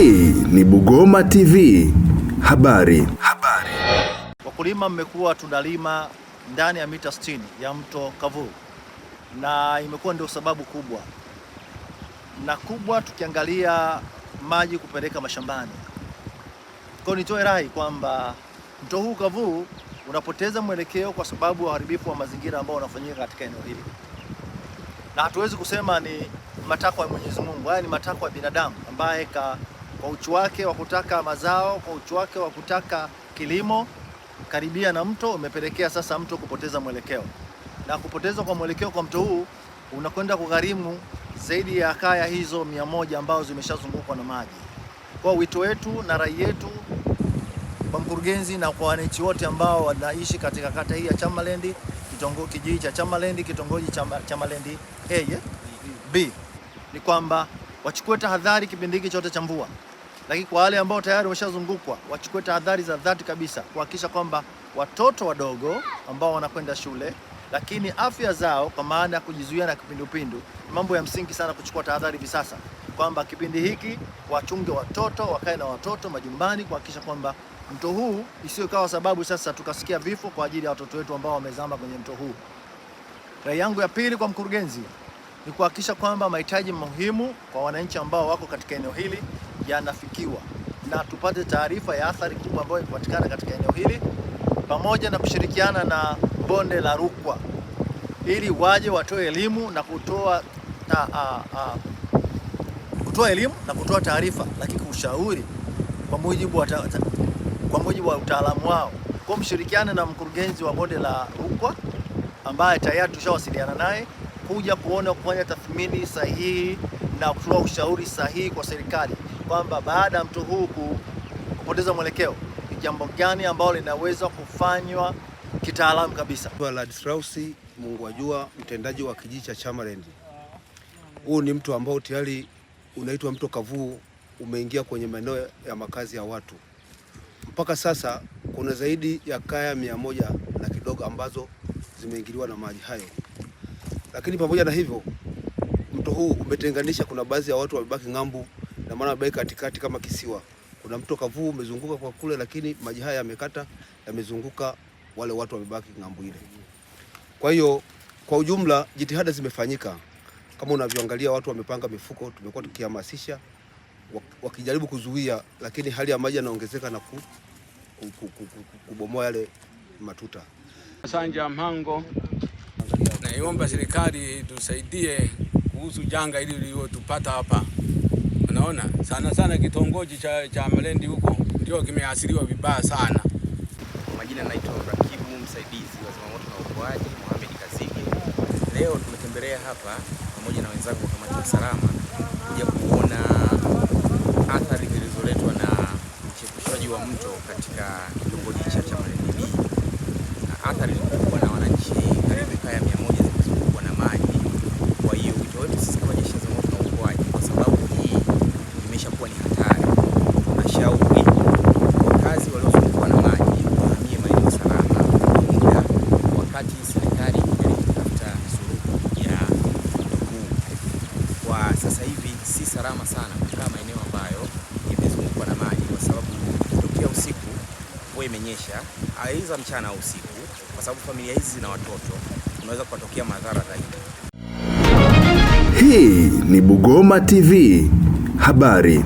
Hii ni Bugoma TV. Habari. Habari. Wakulima mmekuwa tunalima ndani ya mita 60 ya mto Kavuu na imekuwa ndio sababu kubwa na kubwa, tukiangalia maji kupeleka mashambani. Kwa nitoe rai kwamba mto huu Kavuu unapoteza mwelekeo kwa sababu ya uharibifu wa mazingira ambao unafanyika katika eneo hili, na hatuwezi kusema ni matakwa ya Mwenyezi Mungu, haya ni matakwa ya binadamu ambaye ka kwa uchu wake wa kutaka mazao, kwa uchu wake wa kutaka kilimo karibia na mto umepelekea sasa mto kupoteza mwelekeo, na kupoteza kwa mwelekeo kwa mto huu unakwenda kugharimu zaidi ya kaya hizo mia moja ambazo zimeshazungukwa na maji. Kwa wito wetu na rai yetu kwa mkurugenzi na kwa wananchi wote ambao wanaishi katika kata hii ya Chamalendi, kijiji cha Chamalendi, kitongoji cha Chamalendi A eh? B, ni kwamba wachukue tahadhari kipindi hiki chote cha mvua. Lakini kwa wale ambao tayari wameshazungukwa wachukue tahadhari za dhati kabisa kuhakikisha kwamba watoto wadogo ambao wanakwenda shule, lakini afya zao kwa maana ya kujizuia na kipindupindu, mambo ya msingi sana kuchukua tahadhari hivi sasa kwamba kipindi hiki wachunge watoto, wakae na watoto majumbani kuhakikisha kwamba mto huu isiyo kawa sababu sasa tukasikia vifo kwa ajili ya watoto wetu ambao wamezama kwenye mto huu. Rai yangu ya pili kwa mkurugenzi ni kuhakikisha kwamba mahitaji muhimu kwa wananchi ambao wako katika eneo hili yanafikiwa na tupate taarifa ya athari kubwa ambayo imepatikana katika eneo hili, pamoja na kushirikiana na bonde la Rukwa ili waje watoe elimu na kutoa ta, a, a, kutoa elimu na kutoa taarifa, lakini kushauri kwa mujibu wa, ta, ta, kwa mujibu wa utaalamu wao. Kwa mshirikiane na mkurugenzi wa bonde la Rukwa ambaye tayari tushawasiliana naye kuja kuona kufanya tathmini sahihi na kutoa ushauri sahihi kwa serikali kwamba baada ya mto huu kupoteza mwelekeo ni jambo gani ambalo linaweza kufanywa kitaalamu kabisa. Ladislaus Mungu wajua, mtendaji wa kijiji cha Chamarend, Huu ni mto ambao tayari unaitwa mto Kavuu, umeingia kwenye maeneo ya makazi ya watu. Mpaka sasa kuna zaidi ya kaya mia moja na kidogo ambazo zimeingiliwa na maji hayo, lakini pamoja na hivyo mto huu umetenganisha, kuna baadhi ya watu wamebaki ng'ambo na maana wamebaki katikati kama kisiwa. Kuna mto Kavuu umezunguka kwa kule, lakini maji haya yamekata, yamezunguka, wale watu wamebaki ng'ambo ile. Kwa hiyo kwa ujumla jitihada zimefanyika kama unavyoangalia, watu wamepanga mifuko, tumekuwa tukihamasisha wakijaribu kuzuia, lakini hali ya maji yanaongezeka na ku, ku, ku, ku, ku, ku, kubomoa yale matuta. Sanja Mhango, naiomba serikali tusaidie kuhusu janga hili lililotupata hapa. Unaona, sana sana kitongoji cha, cha Malendi huko ndio kimeathiriwa vibaya sana. Kwa majina naitwa Rakibu, msaidizi wa zimamoto na uokoaji Mohamed Kazige. Leo tumetembelea hapa pamoja na wenzangu wa kamati ya usalama kuja kuona athari zilizoletwa na mchepushaji wa mto katika kitongoji cha Chamalendi. Athari usalama sana kukaa maeneo ambayo yamezungukwa na maji, kwa sababu tokea usiku mvua imenyesha, aiza mchana au usiku, kwa sababu familia hizi zina watoto, unaweza kupatokea madhara zaidi. Hii ni Bugoma TV habari.